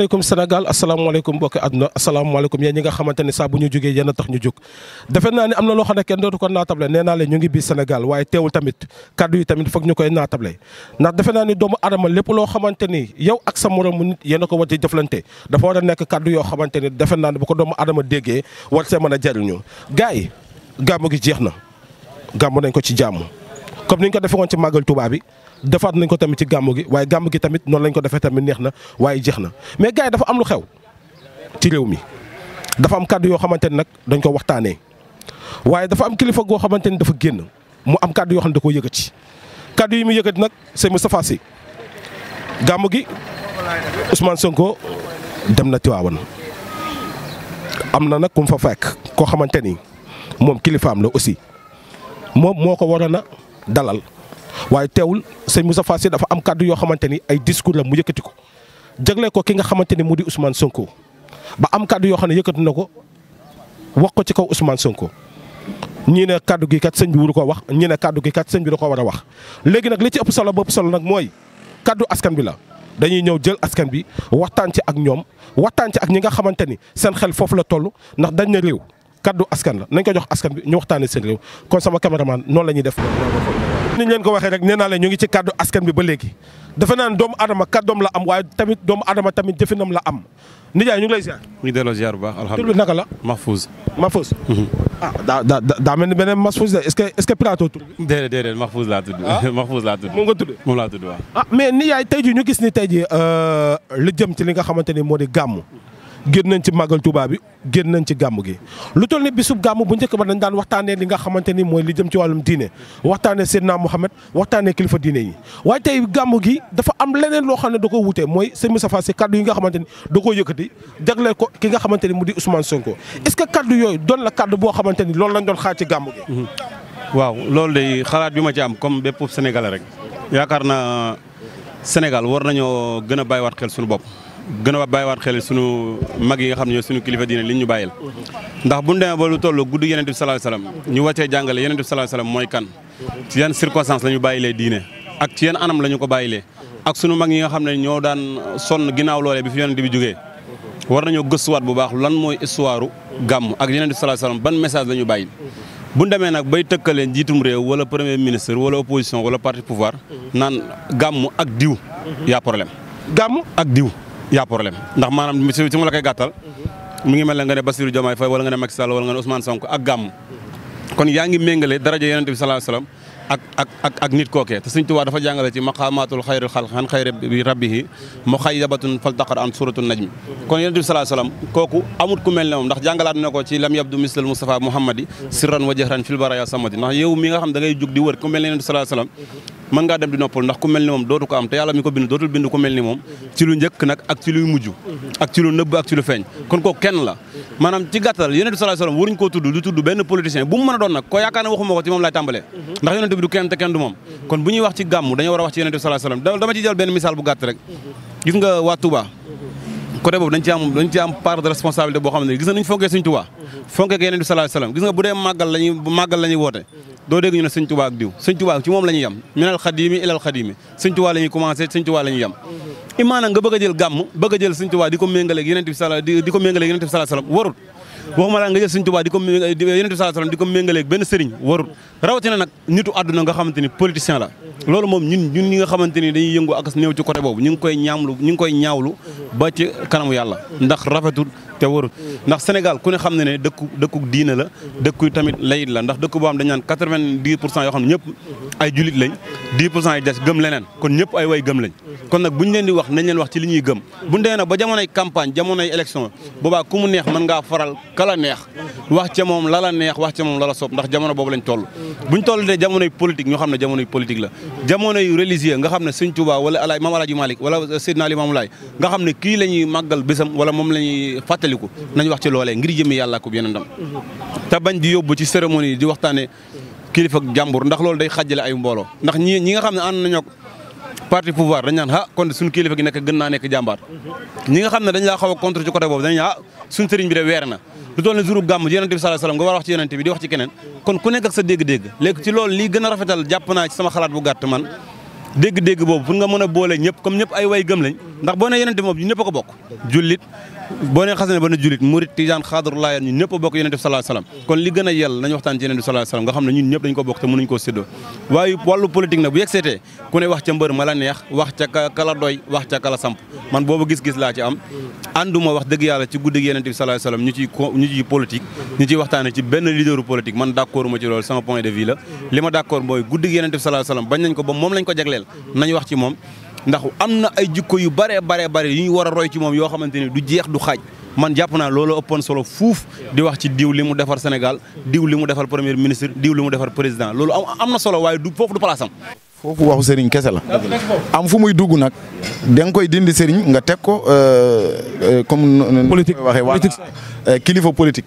asalaamaaleykum Sénégal asalaamaaleykum mbokki àdduna asalaamaaleykum yéen ñi nga xamante ne saa bu ñu jógee yéen tax ñu jóg defe naa ne am na loo xam ne kenn dootu ko naatable nee naa leen ñu ngi biir Sénégal waaye teewul tamit kaddu yi tamit foog ñu koy naatable ndax defe naa ni doomu adama lépp loo xamante ni yow ak sa moromu nit yéen a ko war di jëflante dafa war a nekk kàddu yoo xamante ni defe naa ne bu ko doomu adama déggee war see mën a jariñu gaay yi gàmmu gi jeex na gàmmu nañ ko ci jàmm comme ni ñu ko defee woon ci màggal Tuubaa bi defaat nañ ko tamit ci gàmmu gi waaye gàmmu gi tamit noonu lañ ko defee tamit neex na waaye jeex na mais gars dafa am lu xew ci réew mi dafa am kàddu yoo xamante ni nag dañ ko waxtaanee waaye dafa am kilifa goo xamante ni dafa génn mu am kàdd yoo xam ne da koo yëkkati kàddu yi mu yëkkati nag c'est Moustapha Sy gàmmu gi Ousmane Sonko dem na Tiwaawan am na nag ku fa fekk koo xamante ni moom kilifaam la aussi moom moo ko waroon a dalal. waaye teewul sëñ Moustapha Sy dafa am kàddu yoo xamante ni ay discours la mu yëkkati ko jagleel ko ki nga xamante ni mu di Ousmane Sonko ba am kàddu yoo xam ne yëkkati na ko wax ko ci kaw Ousmane Sonko. ñii ne kàddu gi kat sëñ bi wuru ko wax ñii ne kàddu gi kat sëñ bi da ko war a wax léegi nag li ci ëpp solo ba ëpp solo nag mooy kàddu askan bi la. dañuy ñëw jël askan bi waxtaan ci ak ñoom waxtaan ci ak ñi nga xamante ni seen xel foofu la toll ndax dañ ne réew kaddu askan la nañ ko jox askan bi ñu waxtaanee seen kon sama caméraman noonu la ñuy def. comme ni ñu leen ko waxee rek nee naa leen ñu ngi ci kàddu askan bi ba léegi dafa naan doomu adama kàddoom la am waaye tamit doomu adama tamit jëfinam la am nijaay ñu ngi lay ziar. ñu ngi delloo ziar bu baax alhamdulilah tur bi naka la. Mahfouz. Mahfouz. Mhm. ah daa daa daa mel ni beneen Mahfouz la est ce que est ce que plateau tur bi. déedéet déedéet laa tudd. Ah. Mahfouz laa tudd moom laa tudd ah mais nijaay tey jii ñu gis ni tey jii euh, lu jëm ci li nga xamante ni moo di gàmmu génn nañ ci màggal Touba bi génn nañ ci gàmm gi lu toll ni bisub gàmm bu njëkk ba dañ daan waxtaanee li nga xamante ni mooy li jëm ci wàllum diine waxtaanee Seydina Mouhamed waxtaanee kilifa diine yi waaye tey gàmm gi dafa am leneen loo xam ne doo ko wutee mooy sëñ Moustapha Sy kaddu yi nga xamante ni ko koo yëkkati jagleel ko ki nga xamante ni mu di Ousmane Sonko est-ce que kaddu yooyu doon la kàddu boo xamante ni loolu lañ doon xaar ci gàmm gi mhm. waaw loolu day xalaat bi ma ci am comme bépp Sénégalais rek yaakaar na Sénégal war nañoo gën a bàyyiwaat xel suñu bopp gën a bàyyiwaat xel sunu mag yi nga xam ne ñoo sunu kilifa diine li ñu bàyyil ndax bu ñu demee ba lu toll gudd yonent bi sallallahu alayhi wasallam ñu wàccee jàngale yonent bi sallallahu alayhi wasallam mooy kan ci yan circonstance la ñu lee diine ak ci yan anam la ñu ko bàyyilee ak sunu mag yi nga xam ne ñoo daan sonn ginnaaw loolee bi fi yonent bi jógee war nañoo gëstuwaat bu baax lan mooy histoire gàmm ak yonent bi sallallahu alayhi wasallam ban message la ñu bàyyi bu ñu demee nag bay tëkkalee njiitum réew wala premier ministre wala opposition wala parti pouvoir naan gàmm ak diw yaa problème gàmm diw y' a problème ndax maanaam si ma la koy gàttal. mi ngi mel ne nga ne Bassirou Diomaye Faye wala nga ne Macky Sall wala nga ne Ousmane Sonko ak gàmm. kon yaa ngi méngale daraja yonent bi sallallahu alayhi wasallam ak ak nit kookee te Sëriñ Tuubaa dafa jàngale ci maqaamaatul xayril xalq an xayri bi rabbihi muxayyabatun faltaqar an suratul najm kon yonent bi sallallahu kooku amut ku mel ne moom ndax jàngalaat na ko ci lam yabdu mislal Mustafa Muhammadi sirran wa jahran fil man ngaa dem di noppal ndax ku mel ni moom dootu ko am te yàlla mi ko bind dootul bind ku mel ni moom ci lu ne waxuma ko ci moom laay tàmbalee ndax yonent bi du kenn te kenn du moom kon bu ñuy wax ci gàmm dañoo war a wax ci yonent bi sallallahu misaal bu gàtt rek gis nga waa Touba côté boobu dañ ci am dañ ci am de boo xam ne gis nga bu dee màggal lañuy woote doo dégg ñu ne sëñ Tuubaa ak diw sëñ Tuubaa ci moom la ñuy yem minal xadiimi ilal xadiimi sëñ Tuubaa la ñuy commencé sëñ Tuubaa nga bëgg a jël gàmm bëgg a jël sëñ di ko méngaleeg Yonent bi bi sala salam warut waxuma nga jël sëñ Tuubaa di ko Yonent bi benn sëriñ warut rawatina nag nitu àdduna nga xamante ni politicien la loolu moom ñun ñun ñi nga xamante ni dañuy yëngu ak néew ci côté boobu ñu ngi koy koy ñaawlu ba ci kanamu yàlla ndax rafetul te warul ndax Sénégal ku ne xam ne ne dëkku dëkku diina la dëkku tamit layit la ndax dëkku boo xam dañ naan quatre-vingt-dix pour cent yoo xam ne ñëpp ay julit lañ dix pour cent yi des gëm leneen kon ñëpp ay way gëm lañ kon nag ñu leen di wax nañ leen wax ci li ñuy gëm buñ demee nag ba jamonoy campagne jamonoy élection boobaa ku mu neex mën ngaa faral kala neex wax ca moom lala neex wax ca moom lala soob ndax jamono boobu lañ toll buñ toll de jamonoy politique ñoo xam ne jamonoy politique la jamono yu religieux nga xam ne Sëñ Tuubaa wala alaaj Maam Alaaji Malick wala Seydina Limaamu Laay nga xam ne kii la ñuy màggal bésam moom la ñuy fàttaliku nañ wax ci loolee ngir jëmee yàlla ko yeneen ndam te di yóbbu ci cérémonie di waxtaane kilifa jàmbur ndax loolu day xàjjale ay mbooloo ndax ñi nga xam ne ànd nañoo parti pouvoir dañ naan ah kon suñu kilifa gi nekk gën naa nekk jàmbaar ñi nga xam ne dañ laa xaw a contre ci côté boobu dañ ah suñu sëriñ bi de weer na lu toll ne jour gàmm yonente bi sallallahu alayhi wasallam nga war a wax ci yonente bi di wax ci keneen kon ku nekk sa dégg-dégg léegi ci loolu lii gën a rafetal jàpp naa ci sama xalaat bu gàtt man dégg-dégg boobu pour nga mën a boolee ñëpp comme ñëpp ay way gëm lañ ndax boo nee yonente moom ñu ñëpp ko bokk jullit boo nee xasane ba ne jullit murit tijaan xaadaru ñu ñëpp bokk yonente bi sallallahu alayhi kon li gën a yell bu yegseetee ku ne ci am ànduma ci guddi ci benn leaderu politique man d'accord ci loolu sama point de vue la li mooy guddi yonente bi sallallahu alayhi bañ nañ ko ba moom lañ ko jagleel nañ wax ci moom ndax am na ay jikko yu bare bare bare yu ñu war a roy ci moom yoo xamante ni du jeex du xaaj man jàpp naa loolu ëppoon solo fuuf di wax ci diw li mu defar Sénégal diw li mu defar premier ministre diw li mu defar président loolu am na solo waaye du foofu du palaasam. foofu waxu sëriñ kese la. am fu muy dugg nag danga koy dindi sëriñ nga teg ko euh, euh, comme. politique politique waxee euh, kilifa politique.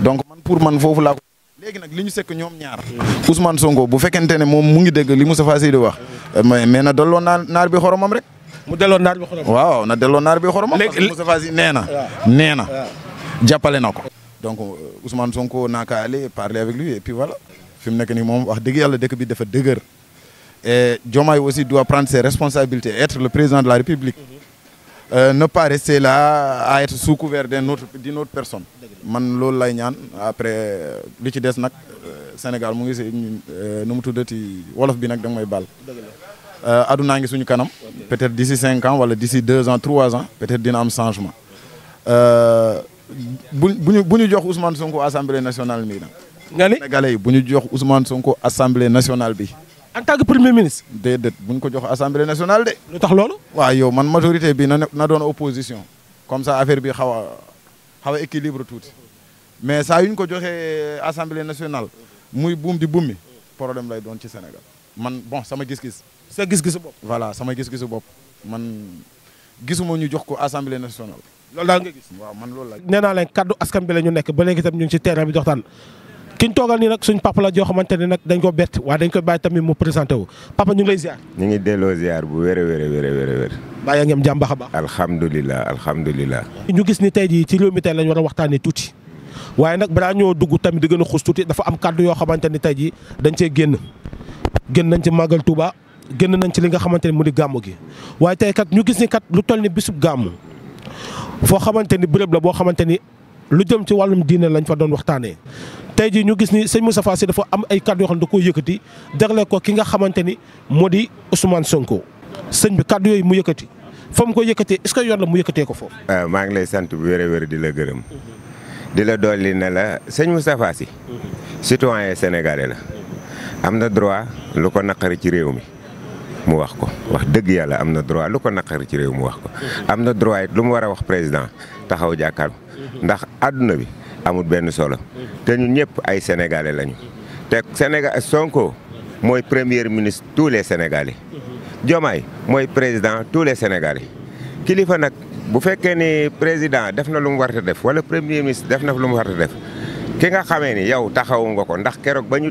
donc man pour man foofu laa ko. léegi nag li ñu sekk ñoom ñaar. Ousmane Sonko bu fekkente ne moom mu ngi dégg li mu Moustapha Seydi wax. mais mais na delloo naar naar bi xoromam rek. mu delloo naar bi waaw na delloo naar bi xoromam. léegi léegi Moustapha Sy nee na. nee na jàppale na ko. donc euh, Ousmane Sonko naa kaa aller parler avec lui et puis voilà fi mu nekk nii moom wax dëgg yàlla dëkk bi dafa dëgër et Diomaye aussi doit prendre ses responsabilités être le président de la République. Mm-hmm. Euh, ne pas rester la à être sous couvert d'une autre personne. man loolu lay ñaan après li ci des nag euh, Sénégal mu ngi si euh, nu mu tuddati wolof bi nag da may baal. adunaa ngi suñu kanam. peut-être d'ici cinq ans wala d'ici deux ans trois ans peut-être dina am changement. bu bu ñu bu ñu jox Ousmane Sonko assemblée nationale bi nag. nga ni yi bu ñu jox Ousmane Sonko assemblée nationale bi. en tant que premier ministre. déedéet buñ ko jox assemblée nationale de. lu tax loolu. waaw yow man majorité bi na na doon opposition comme ça affaire bi xaw a xaw a équilibre tuuti mais yu yuñ ko joxee assemblée nationale muy buum di bummi problème lay doon ci Sénégal man bon sama gis-gis. sa gis-gisu bopp. voilà sama gis-gisu bopp man gisuma ñu jox ko assemblée nationale. loolu daal nga gis waaw man loolu la. nee naa leen kaddu askan bi la ñu nekk ba léegi itam ñu ngi ci terrain bi doxtaan kiñ ñu toogal nii nag suñ papa la joo xamante ne nag dañ ko bett waaye dañ koy bàyyi tamit mu présenté wu papa ñu ngi lay ziar. ñu ngi delloo ziar bu wér a wér a wér a wér a wér. bàyyi a baax. ñu gis ni tey jii ci réew mi tey lañ war a waxtaanee tuuti waaye nag balaa ñoo dugg tamit di gën a xuus tuuti dafa am kàddu yoo xamante ni tey jii dañ cee génn génn nañ ci màggal Touba génn nañ ci li nga xamante ni mu di gàmmu gi waaye tey kat ñu gis ni kat lu toll ni bisub gàmmu foo xamante ni bërëb la boo xamante ni lu jëm ci wàllum diine lañ fa doon waxtaanee tey jii ñu gis ni sëñ Moustapha Sy dafa am ay kàddu yoo xam ne da koo yëkkati jagleel ko ki nga xamante ni moo di Ousmane Sonko sëñ bi kàddu mu yëkkati fa mu ko yëkkatee est que yoon la mu yëkkatee ko foofu. Ah, maa ngi lay sant bu wér a wér di la gërëm di la dolli ne la sëñ Moustapha Sy citoyen sénégalais la am na droit lu ko naqari ci réew mi. mu wax ko wax dëgg yàlla am na droit lu ko naqari ci réew mu wax ko. am na droit lu mu war a wax président taxaw jàkkaarloo. ndax àdduna bi amul benn solo. te ñun ñëpp ay sénégalais lañu. te Sénégal Sonko mooy premier ministre tous les sénégalais. Diomaye mooy président tous les sénégalais. kilifa nag bu fekkee ni président def na lu mu war def wala premier ministre def na lu mu war a def ki nga xamee ni yow taxawu nga ko ndax keroog ba ñu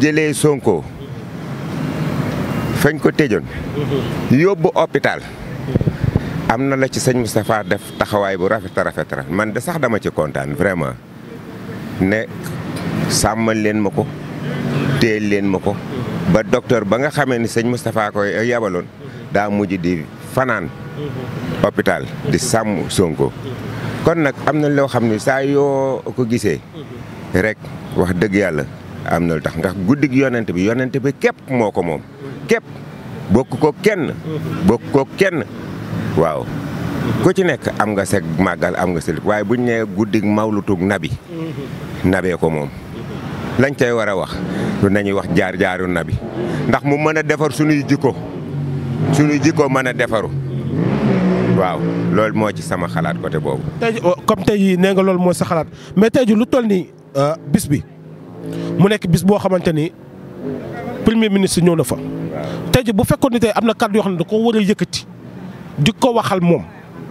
jëlee Sonko. fañ ko tëjoon yóbbu hôpital am na la ci sëñ Moustapha def taxawaay bu rafet rafet rafet man da sax dama ci kontaan vraiment ne sàmmal leen ma ko téel leen ma ko ba docteur ba nga xamee ni sëñ Moustapha koy yabaloon daa mujj di fanaan hôpital di sàmm Sonko kon nag am na loo xam ne saa yoo ko gisee rek wax dëgg yàlla am na lu tax nga guddig yonent bi yonent bi képp moo ko moom képp bokk ko kenn. bokk ko kenn waaw. ku ci nekk am nga seg màggal am nga selib waaye buñ nee guddig mawlutug nabi nabee ko moom lañ kay war a wax lu nañuy wax jaar jaaru nabi ndax mu mën a defar suñuy jikko suñuy jikko mën a defaru waaw loolu moo ci sama xalaat côté boobu tey oh, comme tey nee nga loolu mooy sa xalaat mais tey ji lu toll nii euh, bis bi mu nekk bis boo xamante ni premier ministre na fa tey ji bu fekkoon ni tey am na kàddu yoo xam ne da ko war a yëkkati di ko waxal moom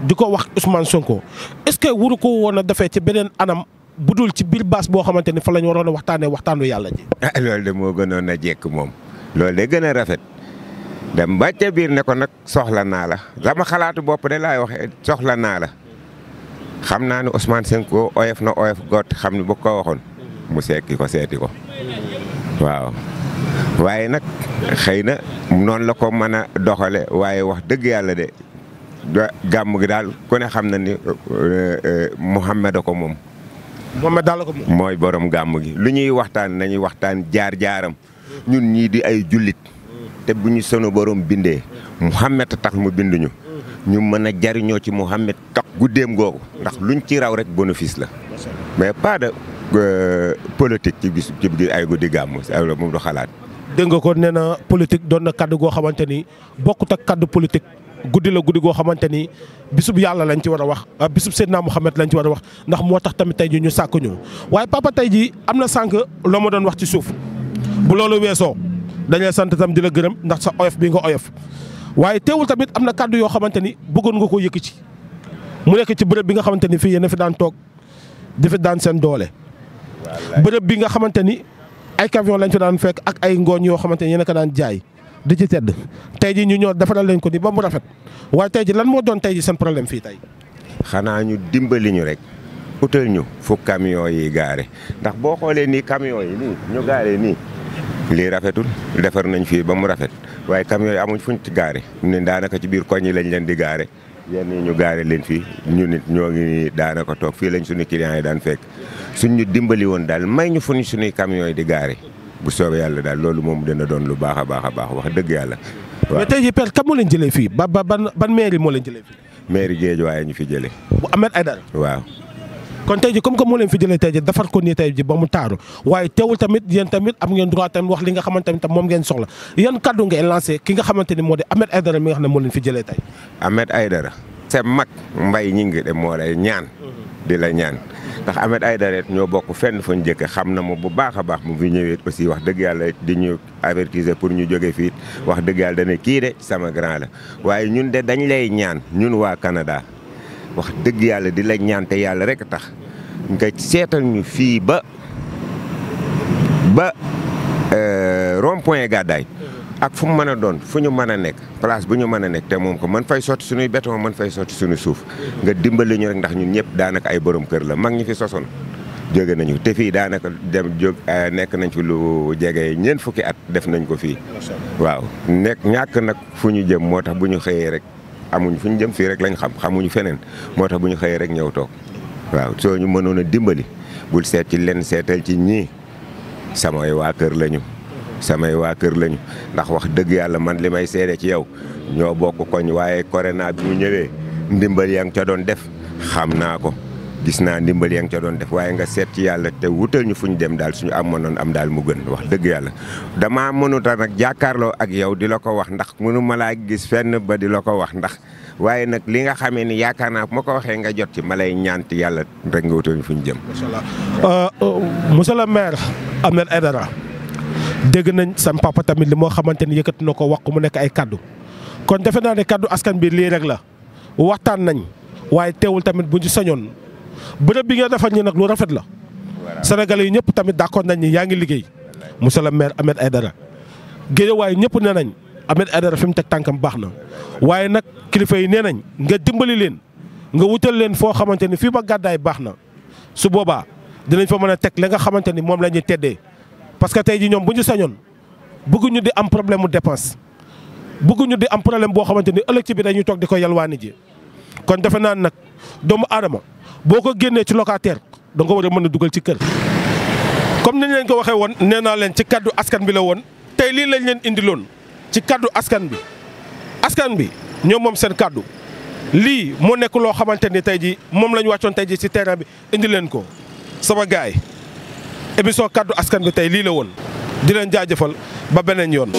di ko wax Ousmane Sonko est-ce que waru ko woon a defee ci beneen anam bu dul ci biir baas boo xamante ni fa la ñu waroon a waxtaanee waxtaanu yàlla ji. ah loolu de moo gënoon a jekk moom loolu de gën a rafet dem ba ca ne ko nag soxla naa la sama xalaatu bopp de laay waxee soxla naa la xam naa ni Ousmane Sonko oyof na oyof got xam ne bu ko waxoon mu sekki ko seeti ko waaw. waaye nag xëy na noonu la ko mën a doxale waaye wax dëgg yàlla de gàmm gi daal ku ne xam na ni euh, euh, Mouhamed ko moom. Mouhamed daal la ko mooy borom gàmm gi lu ñuy waxtaan nañuy waxtaan jaar jaaram. ñun ñii di ay jullit. te bu ñu sunu borom bindee. Mouhamed tax mu binduñu. ñu mën a jariñoo ci Mouhamed tax guddeem googu. ndax luñ ci raw rek bénéfice la. mais pas de euh, politique ci bis ci ay guddi gàmm si moom du xalaat. dégg nga ko nee na politique doon na kàdd goo xamante ni bokkut ak kaddu politique guddi la guddi goo xamante ni bisub yàlla lañ ci war a wax ah, bisub Seydina Mouhamed lañ ci war a wax ndax moo tax tamit tey ji ñu sàkk ñu waaye papa tey ji am na sànq loo ma doon wax ci suuf bu loolu weesoo dañuy sant tam di la gërëm ndax sa oyof bii nga oyof waaye teewul tamit am na kaddu yoo xamante ni bëggoon nga koo yëkk ci mu nekk ci bërëb bi nga xamante ni fii yéen a fi daan toog di daan seen doole nga xamante ni ay camion lañ fi daan fekk ak ay ngooñ yoo xamante ne yéen a ko daan jaay di ci tedd tey ji ñu ñoo defaral leen ko nii ba mu rafet waaye tey ji lan moo doon tey ji seen problème fii tey. xanaa ñu dimbali ñu rek utal ñu fu camion yi gaare ndax boo xoolee nii camion yi nii ñu gaare nii lii rafetul defar nañ fii ba mu rafet waaye camion yi amuñ fuñ ci gaare ne daanaka ci biir koñ yi lañ leen di gaare. yenn yi ñu gaare leen fii ñu nit ñoo ngi nii toog fii lañ suñu clients yi daan fekk suñ ñu dimbali woon daal may ñu fu ñu suñuy camions yi di gaare bu soobee yàlla daal loolu moom na doon lu baax a baax a baax wax dëgg yàlla. waaw mais tey jii père moo leen jëlee fii ba ba ban meeri moo leen jëlee fii. mairie waaye ñu fi jëlee. bu ay Aïdara waaw. kon tey ji comme que moo leen fi jëlee tey ji defar ko nii tey ji ba mu taaru waaye teewul tamit yéen tamit am ngeen droit tamit wax li nga xamante ni moom ngeen soxla yan kàddu ngeen lancé ki nga xamante ni moo di Ahmed Aidara mi nga xam ne moo leen fi jëlee tey. Ahmed Aidara. sa mag mbay ñi ngi de moo lay ñaan. di la ñaan. ndax Ahmed Aidara ñoo bokk fenn fu ñu jëkke xam na ma bu baax a baax mu fi ñëwee aussi wax dëgg yàlla di ñu avertiser pour ñu jóge fii wax dëgg yàlla dana kii de sama grand la waaye ñun de dañ lay ñaan ñun waa Canada. wax dëgg yàlla di la ñaante yàlla rek tax nga seetal fii ba ba euh, rond-point gàddaay ak fu mu mën a doon fu ñu mën a nekk place bu ñu mën a nekk te moom ko man fay sotti suñuy béton mën fay sotti suñu suuf nga dimbali ñu rek ndax ñun ñëpp daanaka ay borom kër la mag ñu fi sosoon jóge nañu te fii daanaka dem jóg euh, nekk nañ fi lu jege ñeent fukki at def nañ ko fii waaw nekk ñàkk nag fu ñu jëm moo tax bu ñu xëyee rek amuñ fu ñu jëm fii rek lañ xam xamuñu feneen moo tax bu ñu xëyee rek ñëw toog waaw soo ñu mënoon dimbali bul seet ci leen seetal ci ñii samay waa kër lañu. samay waa kër lañu ndax wax dëgg yàlla man li may seede ci yow ñoo bokk koñ waaye corona bi mu ñëwee ndimbal yaa ngi ca doon def xam naa ko. gis naa ndimbal yaa ngi ca doon def waaye nga seet ci yàlla te wutal ñu fu ñu dem daal suñu amoon am daal mu gën wax dëgg yàlla damaa mënuta nag jàkkaarloo ak yow di la ko wax ndax mënu ma laa gis fenn ba di la ko wax ndax waaye nag li nga xamee ni yaakaar naa bu ma ko waxee nga jot ci ma lay ñaant yàlla rek nga wutal ñu fu ñu jëm. macha allah euh, monsieur le maire ay Aidara dégg nañ sam papa tamit li moo xamante ni yëkkati na ko wax mu nekk ay kàddu kon de naa ne askan bi lii rek la waxtaan nañ waaye teewul tamit bu ñu bërëb bi nga defal ñi nag lu rafet la sénégalais yi ñëpp tamit d'accord nañ ni yaa ngi liggéey monsieur le maire Ahmed Aidara Guédiawaye ñëpp nee nañ Ahmed Aidara fi mu teg tànkam baax na waaye nag kilifa yi nee nañ nga dimbali leen nga wutal leen foo xamante ni fii ba gàddaay baax na su boobaa dinañ fa mën a teg li nga xamante ni moom la ñuy teddee parce que tey ji ñoom bu ñu sañoon bëgguñu di am problème mu dépense bëgguñu di am problème boo xamante ni ëllëg ci bi dañuy toog di ko yalwaani ji kon defe naa nag doomu aadama boo ko génnee ci locataire da nga ko war mën a dugal ci kër. comme ni leen ko waxee woon nee naa leen ci kaddu askan bi la woon tey lii lañ leen indiloon ci kàddu askan bi askan bi ñoo moom seen kàddu lii moo nekk loo xamante ni tey jii moom la ñu wàccoon tey jii ci terrain bi indi leen ko sama gaay émission kàddu askan bi tey lii la woon di leen jaajëfal ba beneen yoon.